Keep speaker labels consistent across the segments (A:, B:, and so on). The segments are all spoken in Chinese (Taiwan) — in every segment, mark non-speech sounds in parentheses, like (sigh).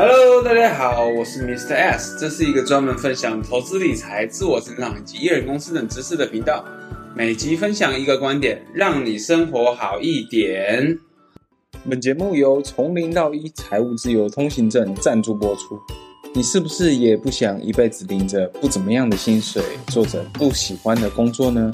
A: Hello，大家好，我是 Mr. S，這是一個專門分享投資理財、自我成長以及一人公司等知識的頻道。每集分享一個觀點，讓你生活好一點。本節目由從零到一財務自由通行證贊助播出。你是不是也不想一輩子領着不怎麼樣的薪水，做着不喜歡的工作呢？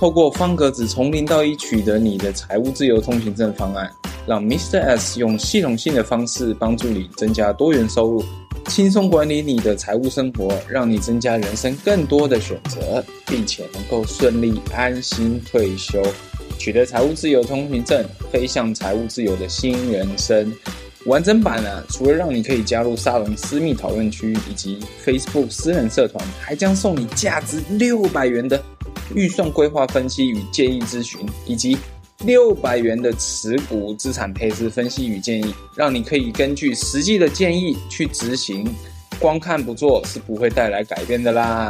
A: 透過方格子從零到一取得你的財務自由通行證方案。讓 Mr. S 用系統性的方式幫助你增加多元收入，輕鬆管理你的財務生活，讓你增加人生更多的選擇，並且能夠順利安心退休，取得財務自由通行證，飛向財務自由的新人生。完整版呢、啊，除了讓你可以加入沙龍私密討論區以及 Facebook 私人社團，還將送你價值六百元的預算規劃分析與建議諮詢，以及。六百元的持股資產配置分析與建議，讓你可以根據實際的建議去執行。光看不做是不會帶來改變的啦。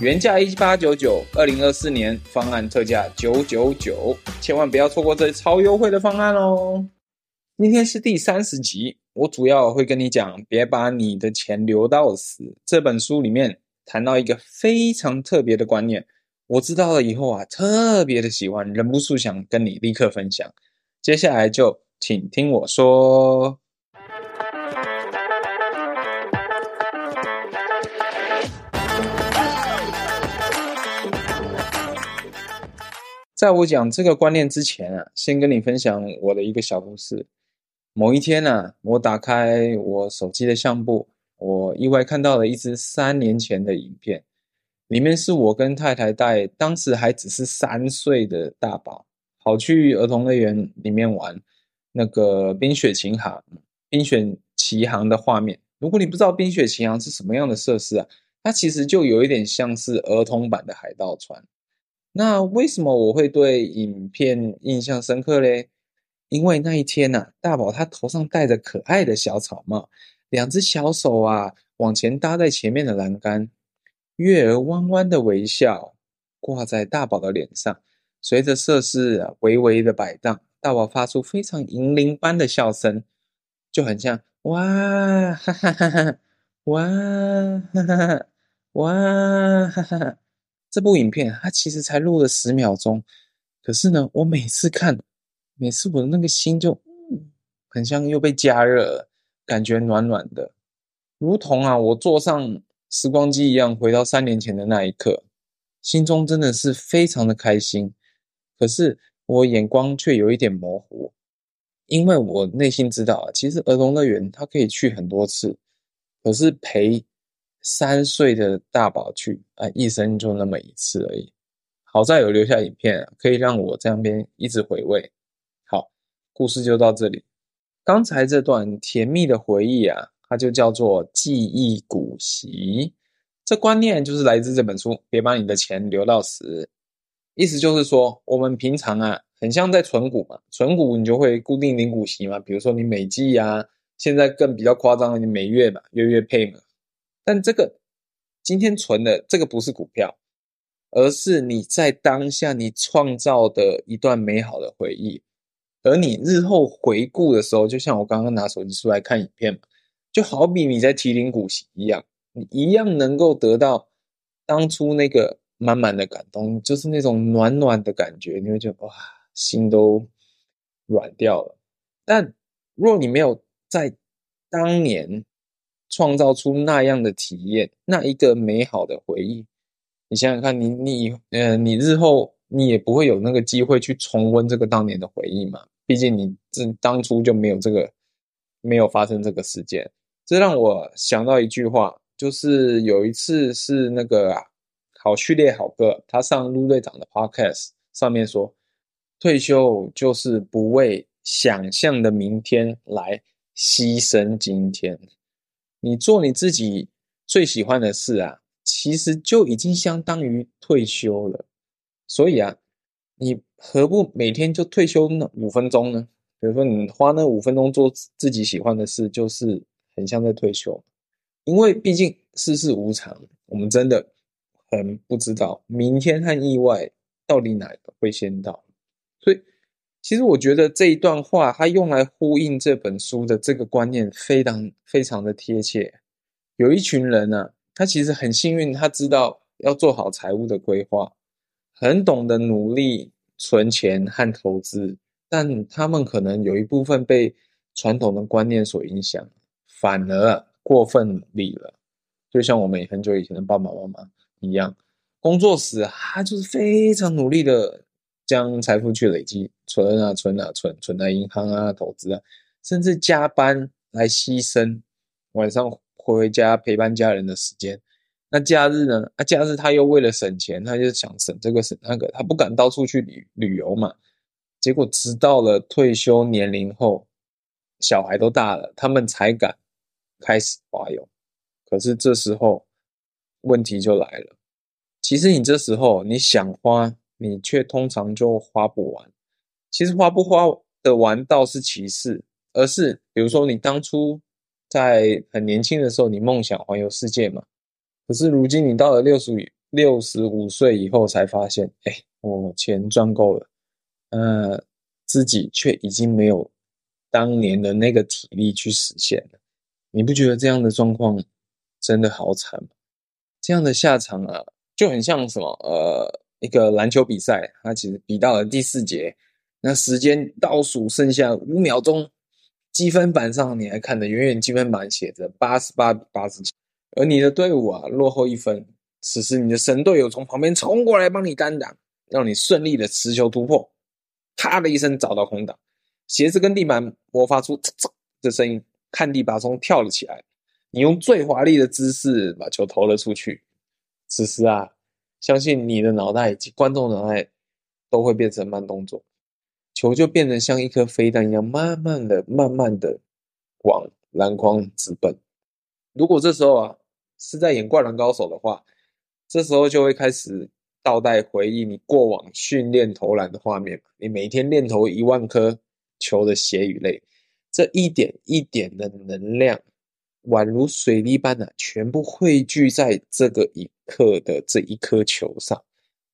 A: 原價一八九九，二零二四年方案特價九九九，千萬不要錯過這超優惠的方案哦。今天是第三十集，我主要會跟你講，別把你的錢留到死。這本書裡面談到一個非常特別的觀念。我知道了以後啊，特別的喜歡，忍不住想跟你立刻分享。接下來就請聽我說。 (music) 在我講這個觀念之前啊，先跟你分享我的一個小故事。某一天啊，我打開我手機的相簿，我意外看到了一支三年前的影片。裡面是我跟太太帶當時還只是三歲的大寶跑去兒童樂園裡面玩那個冰雪奇航、冰雪奇航的畫面。如果你不知道冰雪奇航是什麼樣的設施啊，它其實就有一點像是兒童版的海盜船。那為什麼我會對影片印象深刻嘞？因為那一天啊，大寶他頭上戴着可愛的小草帽，兩隻小手啊往前搭在前面的欄杆。月兒彎彎的微笑掛在大寶的臉上，隨着瑟瑟微微的擺盪，大寶發出非常銀鈴般的笑聲，就很像哇哈哈哇哈哈哇哈哈哈哇哈哈哈。這部影片它其實才錄了十秒鐘，可是呢，我每次看，每次我的那個心就嗯很像又被加熱了，感覺暖暖的，如同啊，我坐上。時光機一樣回到三年前的那一刻，心中真的是非常的開心。可是我眼光卻有一點模糊，因為我內心知道，其實兒童樂園它可以去很多次，可是陪三歲的大寶去啊、哎，一生就那麼一次而已。好在有留下影片、啊，可以讓我在那邊一直回味。好，故事就到這裡。剛才這段甜蜜的回憶啊。它就叫做記憶股息，這觀念就是來自這本書。別把你的錢留到死。意思就是說，我們平常啊，很像在存股嘛，存股你就會固定領股息嘛，比如說你每季呀、啊，現在更比較誇張，你每月嘛，月月配嘛。但這個今天存的這個不是股票，而是你在當下你創造的一段美好的回憶，而你日後回顧的時候，就像我剛剛拿手機出來看影片嘛。就好比你在提領股息一樣，你一樣能夠得到當初那個滿滿的感動，就是那種暖暖的感覺，你會覺得哇，心都軟掉了。但如果你沒有在當年創造出那樣的體驗，那一個美好的回憶，你想想看，你你呃，你日後你也不會有那個機會去重溫這個當年的回憶嘛。畢竟你這當初就沒有這個，沒有發生這個事件。這讓我想到一句話，就是有一次是那個、啊、好序列好哥他上陸隊長的 podcast 上面說，退休就是不為想象的明天來犧牲今天，你做你自己最喜歡的事啊，其實就已經相當於退休了。所以啊，你何不每天就退休那五分鐘呢？比如說你花那五分鐘做自己喜歡的事，就是。很像在退休，因為畢竟世事無常，我們真的很不知道明天和意外到底哪個會先到。所以，其實我覺得這一段話，它用來呼應這本書的這個觀念，非常非常的貼切。有一群人呢、啊，他其實很幸運，他知道要做好財務的規劃，很懂得努力存錢和投資，但他們可能有一部分被傳統的觀念所影響。反而，啊、過分努力了，就像我們很久以前的爸爸媽媽一樣，工作時他就是非常努力的，將財富去累積，存啊存啊存，存在銀行啊，投資啊，甚至加班來犧牲晚上回回家陪伴家人的時間。那假日呢？啊假日他又為了省錢，他就想省這個省那個，他不敢到處去旅旅遊嘛。結果，直到了退休年齡後，小孩都大了，他們才敢。開始花用，可是這時候問題就來了。其實你這時候你想花，你卻通常就花不完。其實花不花的完倒是其次，而是比如說你當初在很年輕的時候，你夢想環遊世界嘛。可是如今你到了六十五六十五歲以後，才發現，哎，我錢賺夠了，呃，自己卻已經沒有當年的那個體力去實現了。你不覺得這樣的狀況真的好慘嗎？這樣的下場啊，就很像什麼？呃，一個籃球比賽，它其實比到了第四節，那時間倒數剩下五秒鐘，積分板上你還看得遠遠，積分板寫着八十八比八十七，而你的隊伍啊落後一分。此時你的神隊友從旁邊衝過來幫你單擋，讓你順利的持球突破，啪的一聲找到空檔，鞋子跟地板摩擦發出嚓嚓的聲音。看地拔蔥跳了起來，你用最華麗的姿勢把球投了出去。此時啊，相信你的腦袋以及觀眾腦袋都會變成慢動作，球就變得像一顆飛彈一樣，慢慢的、慢慢的往籃筐直奔。如果這時候啊是在演灌籃高手的話，這時候就會開始倒帶回憶你過往訓練投籃的畫面，你每天練投一萬顆球的血與淚。這一點一點的能量，宛如水滴般的、啊、全部匯聚在這個一刻的這一顆球上。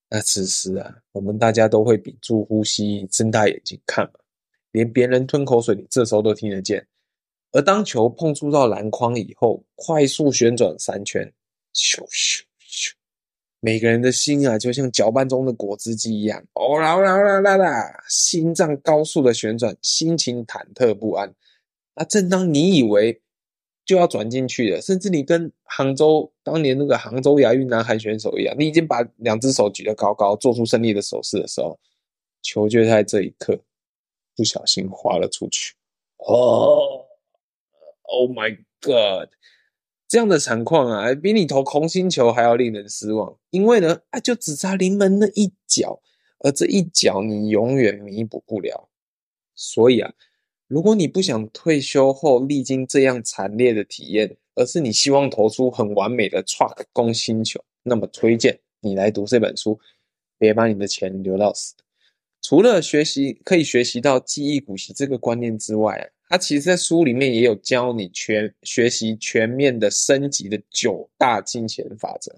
A: 那此時啊，我們大家都會屏住呼吸，睜大眼睛看嘛，連別人吞口水，你這時候都聽得見。而當球碰觸到籃筐以後，快速旋轉三圈，咻咻。每個人的心啊，就像攪拌中的果汁機一樣，哦啦啦啦啦啦，心臟高速的旋轉，心情忐忑不安。啊，正當你以為就要轉進去了，甚至你跟杭州當年那個杭州亞運男孩選手一樣，你已經把兩隻手舉得高高，做出勝利的手勢的時候，球就在這一刻不小心滑了出去。哦 oh，Oh my God！這樣的慘況啊，比你投空心球還要令人失望。因為呢，啊，就只差臨門那一腳，而這一腳你永遠彌補不了。所以啊，如果你不想退休後歷經這樣慘烈的體驗，而是你希望投出很完美的 t r u c k 空心球，那麼推薦你來讀這本書，別把你的錢留到死。除了學習可以學習到記憶股息這個觀念之外，啊。他其實，在書裡面也有教你全學習全面的升級的九大金錢法則。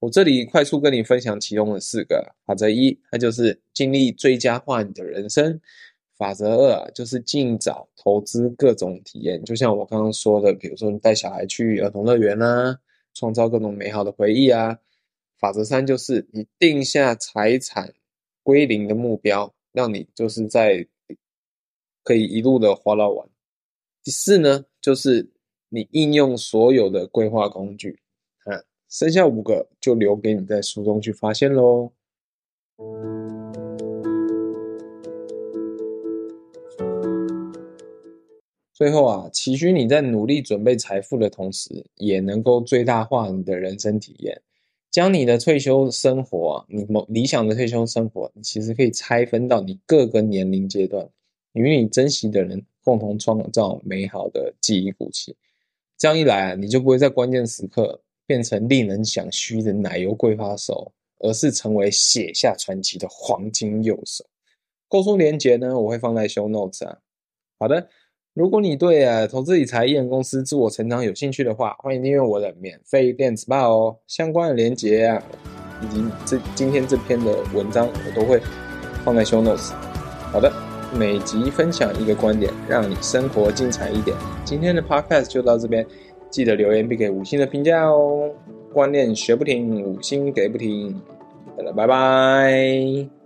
A: 我這裡快速跟你分享其中的四個。法則一，那就是盡力最佳化你的人生；法則二啊，就是盡早投資各種體驗，就像我剛剛說的，比如說你帶小孩去兒童樂園啊，創造各種美好的回憶啊；法則三，就是你定下財產歸零的目標，讓你就是在可以一路的花到完。第四呢，就是你應用所有的規劃工具，嗯、啊，剩下五個就留給你在書中去發現嘍。最後啊，期許你在努力準備財富的同時，也能夠最大化你的人生體驗，將你的退休生活、啊，你某理想的退休生活，你其實可以拆分到你各個年齡階段，與你珍惜的人，共同創造美好的記憶股息，這樣一來啊，你就不會在關鍵時刻變成令人想噓的奶油桂花手，而是成為寫下傳奇的黃金右手。購書連結呢，我會放在 show notes 啊。好的，如果你對啊投資理財、一人公司、自我成長有興趣的話，歡迎訂閱我的免費電子報哦。相關的連接啊，以及這今天這篇的文章，我都會放在 show notes。好的。每集分享一個觀點，讓你生活精彩一點。今天的 podcast 就到這邊，記得留言並給五星的評價哦。觀念學不停，五星給不停。拜拜。